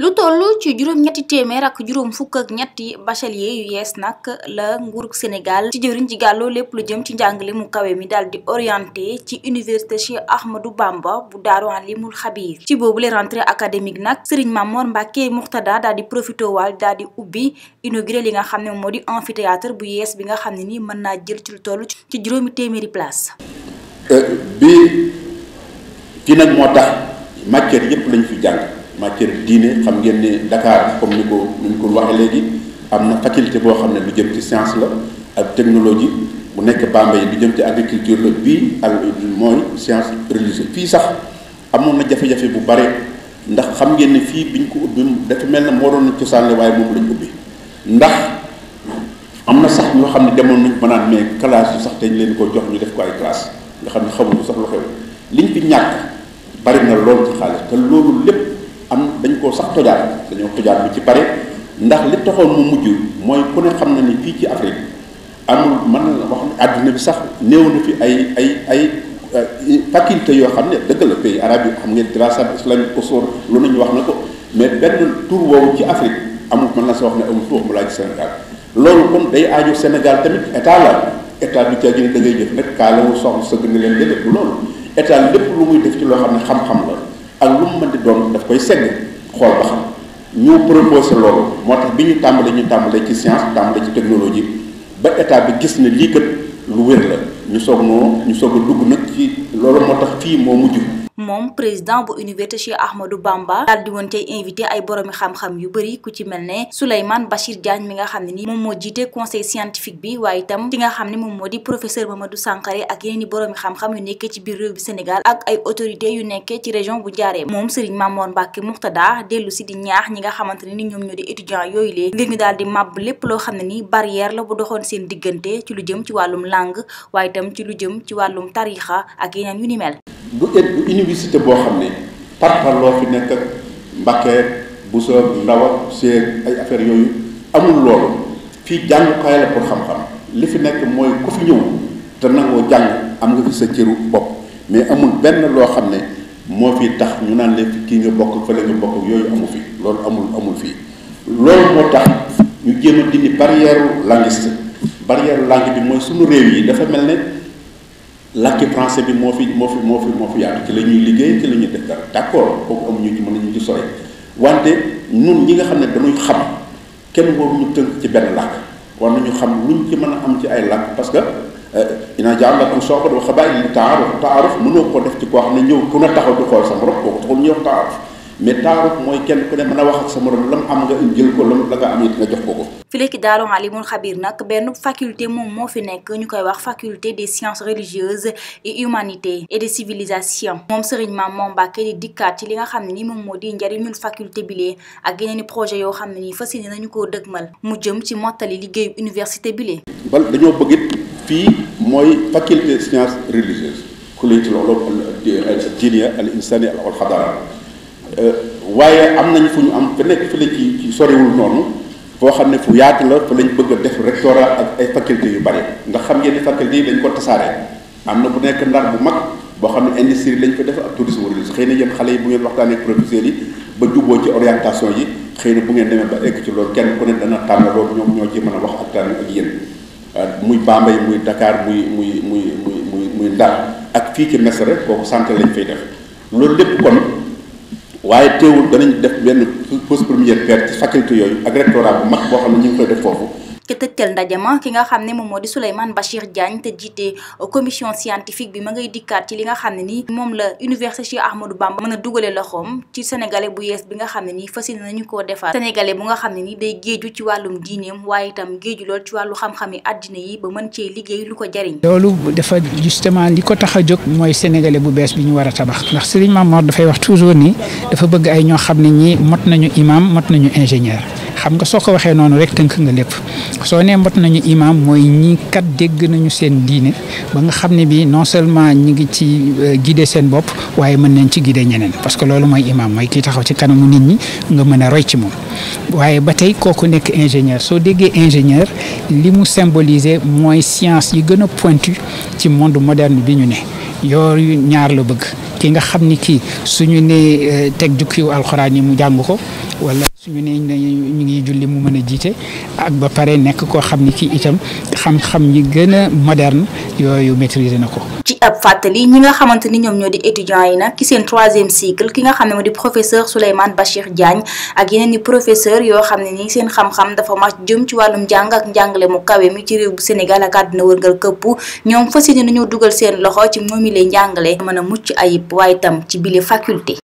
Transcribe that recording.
lu toll ci juróom téeméer ak juróom fukk ak ñetti bachelier yu yees nag la nguurug Sénégal ci jëwriñ ji gàlloo lépp lu jëm ci njàngale mu kawee mi daal di orienté ci université Cheikh Ahmadou Bamba bu Daaru Alimul Xabiir ci boobu les rentrée académique nag sëriñ Mamor Mbacke Murtada daal di profité waal daal di ubbi inauguré li nga xam ne moo di amphithéâtre bu yees bi nga xam ne nii mën naa jël ci lu toll ci juróomi téeméeri place euh, bi ki nag matière diine xam ngeen ni Dakar comme ni ko ni ko waxee léegi am na faculté boo xam ne lu jëm ci science la ak technologie bu nekk yi lu jëm ci agriculture la bii ak mooy science religieuse fii sax amoon na jafe-jafe bu bare ndax xam ngeen ne fii biñ ko ubbi dafa mel na moo doon cosaanle waaye moom lañ ubbi ndax am na sax ñoo xam ne demoon nañ naan mais classe yu sax dañ leen ko jox ñu def ko ay classe nga xam ne xamuñu sax lu xew liñ fi bari na lool lépp dañ koo sax tojaat dañoo tojaat bi ci pare ndax li taxoon mu mujj mooy ku ne xam na ni fii ci Afrique amul mën na wax bi sax néew na fi ay ay ay faculté yoo xam ne dëgg la pays arabe yi xam ngeen dirasat islamique usul lu nañu wax na ko mais benn tur woowu ci Afrique amul mën na sa wax ne amul tuux mu laaj Sénégal loolu kon day aaju Sénégal tamit état la état du caa gën da ngay jëf nag kaalawu soxla sëgg ni leen déedéet du loolu état lépp lu muy def ci loo xam ne xam-xam la ak lu mu mën di doon daf koy segg xool ba xam ñu proposé loolu moo tax bi ñu tàmbalee ñu tàmbalee ci science tàmbalee ci technologie ba état bi gis ne lii kat lu wér la ñu soog noo ñu soog a dugg nag ci loolu moo tax fii moo mujj moom président bu université Cheikh Ahmadou Bamba daal di woon tey invité ay boroomi xam-xam yu bëri ku ci mel ne Souleymane Bachir Diagne mi nga xam ne ni moom moo jiite conseil bi waaye itam ki nga xam ne moo di professeur Mamadou Sankharé ak yeneen i boroomi xam-xam ci biir réew bi Sénégal yu nekkee ci région bu Njaareem moom Serigne Mamour Mbacke Mouxtada dellu si di ñaax ñi nga xamante ne ni ñoom ñoo di étudiants yooyu lee ngir ñu daal di lépp loo xam ne ni barrière la bu doxoon seen diggante ci lu jëm ci wàllum langue waaye itam ci lu jëm ci wàllum tarixa ak yeneen yu ni mel bu et bu université boo xam ne par par loo fi nekk ak Mbakke Boussa Ndawa Cheikh ay affaire yooyu amul loolu fii jàngukaay la xam-xam li fi nekk mooy ku fi ñëw te nangoo jàng am nga fi sa cëru bopp mais amul benn loo xam ne moo fii tax ñu naan la kii nga bokk fële nga bokk yooyu amu fi loolu amul amul fii loolu moo tax ñu jéem a dindi barrière languiste barrière langue bi mooy suñu réew yi dafa mel ne. làkki français bi moo fi moo fi moo fi moo fi yaatu ci la ñuy liggéey ci la ñuy def dara d'accord kooku amuñu ci mën ñu ci sore wante ñun ñi nga xam ne dañuy xam kenn ñu tënk ci benn làkk war ñu xam luñ ci mën a am ci ay làkk parce que euh, ina jàllakum sooba doo xabaay li taaruf taaruf mënoo ko def ci koo xam ne ñëw ku na taxaw di xool sa morom kooku taxul ñëw taaruf mais taaruf mooy kenn ku ne mën a wax ak sa morom lam am nga jël ko la nga nga jox ko ko. fileeki Daaru Alimul Xabiir nag benn faculté moom moo fi nekk ñu koy wax faculté de sciences religieuses et humanités et des civilisations moom Serigne Mame Mor Mbacke di dikkaat ci li nga xam ne ni moom moo di njariñul faculté bile ak yeneen i projet yoo xam ne nii fas yéene nañu koo dëgmal mu jëm ci mottali liggéeyu université bile. bal dañoo bëgg it fii mooy Euh, waaye am nañ fu ñu am fa nekk fële ci ci soriwul noonu foo xam ne fu yaatu la fa lañ bëgg a def rectorat ak ay faculté yu bari ndax xam ngeen ni faculté yi dañ ko tasaaree am na bu nekk ndar bu mag boo xam ne industrie lañ fa def ak tourisme religieux xëy na yéen xale yi bu ngeen waxtaanee professeurs yi ba juboo ci orientation yi xëy na bu ngeen demee ba egg ci loolu kenn ku ne dana tànn loolu ñoom ñoo ci mën a wax ak tànn ak yéen euh, muy Bambey muy Dakar muy muy muy muy muy muy Ndar ak fii ci Mesere kooku santé lañ fay def loolu lépp kon waaye teewul danañ def benn pause première pierre ci faculté yooyu ak rectorat bu mag boo xam ne ñu ngi koy def foofu ca tëjtal ndaje ma ki nga xam ne moom moo di Souleymane Bachir Diagne te jiite euh, commission scientifique bi ma ngay dikkaat ci li nga xam ne nii moom la université Cheikh Ahmadou Bamba mën a dugale loxoom ci sénégalais bu yees bi nga xam ne nii fas yéene nañu koo defar sénégalais bu nga xam ne nii day géeju ci wàllum diineem waaye itam géeju lool ci wàllu xam-xami àddina yi ba mën cee liggéey lu ko jariñ loolu dafa justement li ko tax a jóg mooy sénégalais bu bees bi ñu war a tabax ndax Serigne Mame Mor dafay wax toujours ni dafa bëgg ay ñoo xam ne ñi mot nañu imam mot nañu ingénieur xam nga soo ko waxee noonu rek tënk nga lépp soo nee mbat nañu imaam mooy ñii kat dégg nañu seen diine ba nga xam ne bi non seulement ñi ngi ci euh, guider seen bopp waaye mën nañ ci guider ñeneen parce que loolu mooy imaam mooy kii taxaw ci kanamu nit ñi nga mën a roy ci moom waaye ba tey kooku nekk ingénieur soo déggee ingénieur li mu symboliser mooy science yi gën a pointu ci monde moderne bi ñu ne yooyu ñaar la bëgg ki nga xam ni kii suñu ne eh, teg jukkiw alxuraan yi mu jàng ko wala suñu ne ñu ngi julli mu mën a jiite ak ba pare nekk koo xam ni kii itam xam-xam yi gën a moderne yooyu maîtriser na ko ab fàttali ñi nga xamante ni ñoom ñoo di étudiants yi nag ki seen troisième cycle ki nga xam ne moo di professeur Souleymane Bachir Diagne ak yeneen i professeur yoo xam ne ni seen xam-xam dafa màcc jëm ci wàllum njàng ak njàngale mu kawe mi ci réew bu Sénégal ak àdduna wërngal këpp ñoom fas yéene nañoo dugal seen loxo ci moomile njàngale mën a mucc ayib waaye tam ci bile faculté